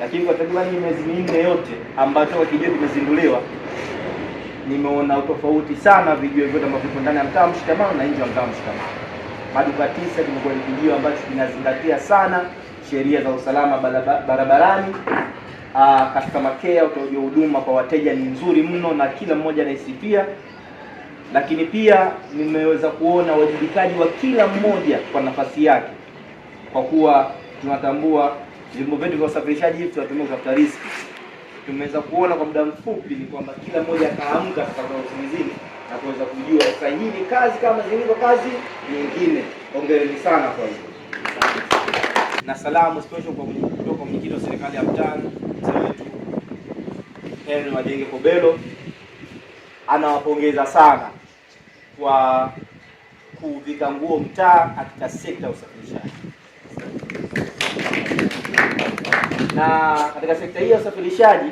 lakini kwa hii miezi minne yote ambacho toka kimezinduliwa nimeona utofauti sana vijiwe vyote ambavyo vipo ndani ya mtaa Mshikamano na nje ya mtaa Mshikamano. Maduka tisa kimekuwa ni kijio ambacho kinazingatia sana sheria za usalama barabarani customer ah, care, utoaji huduma kwa wateja ni nzuri mno na kila mmoja anaisifia, lakini pia nimeweza kuona wajibikaji wa kila mmoja kwa nafasi yake, kwa kuwa tunatambua vyombo vyetu vya usafirishaji hivi tunatumia kutafuta riski. Tumeweza kuona kwa muda mfupi ni kwamba kila mmoja akaamka sasa kwa usingizini na kuweza kujua sasa hii ni kazi kama zilivyo kazi nyingine. Hongereni sana kwa hiyo na salamu special kutoka mwenyekiti wa serikali ya mtaa mzee wetu Henry Wajenge Kobelo anawapongeza sana kwa kuvika nguo mtaa katika sekta ya usafirishaji. Na katika sekta hii ya usafirishaji,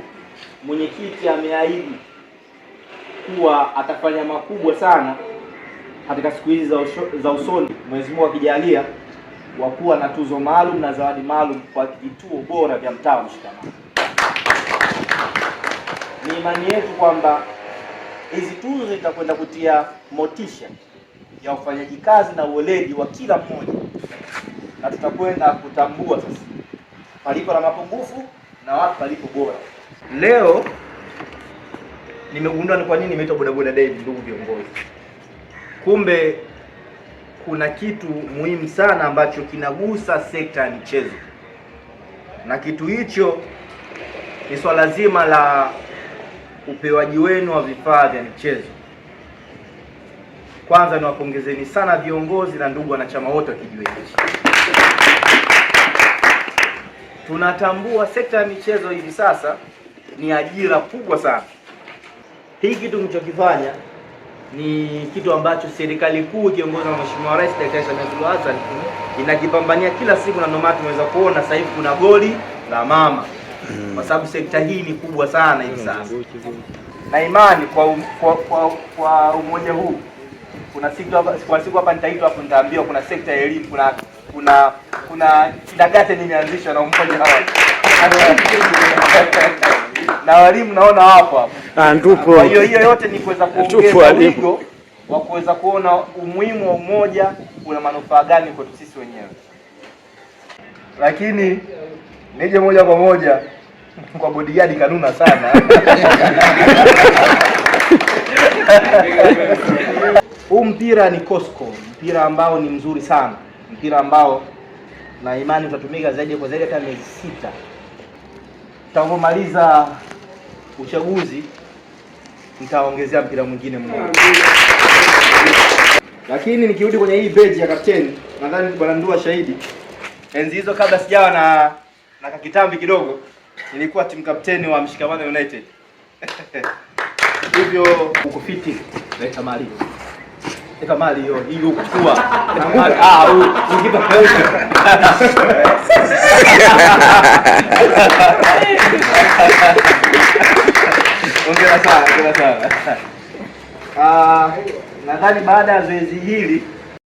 mwenyekiti ameahidi kuwa atafanya makubwa sana katika siku hizi za usoni, Mwenyezi Mungu akijalia wa kuwa na tuzo maalum na zawadi maalum kwa vituo bora vya mtaa wa Mshikamano. Ni imani yetu kwamba hizi tuzo zitakwenda kutia motisha ya ufanyaji kazi na uweledi wa kila mmoja, na tutakwenda kutambua sasa palipo na mapungufu na wapi palipo bora. Leo nimegundua ni kwa nini nimeitwa bodaboda day, ndugu viongozi, kumbe kuna kitu muhimu sana ambacho kinagusa sekta ya michezo, na kitu hicho ni swala zima la upewaji wenu wa vifaa vya michezo. Kwanza niwapongezeni sana viongozi na ndugu wanachama wote wa kijiwe hichi. Tunatambua sekta ya michezo hivi sasa ni ajira kubwa sana. Hii kitu mlichokifanya ni kitu ambacho serikali kuu ikiongozwa na Mheshimiwa Rais Daktari Samia Suluhu Hassan inajipambania kila siku, na ndio maana tumeweza kuona sasa hivi kuna goli la mama, mm. kwa sababu sekta hii ni kubwa sana hivi mm. sasa, na imani kwa, um, kwa, kwa, kwa umoja huu kuna siku kwa siku hapa nitaitwa hapo, nitaambiwa kuna sekta ya elimu, kuna kuna kuna kidagate nimeanzishwa na umoja hawa na walimu naona hapo hapo. Ah, hiyo hiyo yote ni kuweza kuongeza wigo wa kuweza kuona umuhimu wa umoja una manufaa gani kwetu sisi wenyewe, lakini nije moja kwa moja kwa bodigadi kanuna sana huu mpira ni Cosco, mpira ambao ni mzuri sana, mpira ambao na imani utatumika zaidi kwa zaidi hata miezi sita tutakapomaliza uchaguzi nitaongezea mpira mwingine mmoja. Lakini nikirudi kwenye hii beji ya kapteni, nadhani bwana Ndua shahidi, enzi hizo kabla sijawa na na kakitambi kidogo, nilikuwa timu kapteni wa Mshikamano United hivyo ukufiti fiti, leta Eka mali hiyo hiyo kuchukua. Ah, huyu nikipa peusi. Ongera sana, ongera sana. Ah, nadhani baada ya zoezi hili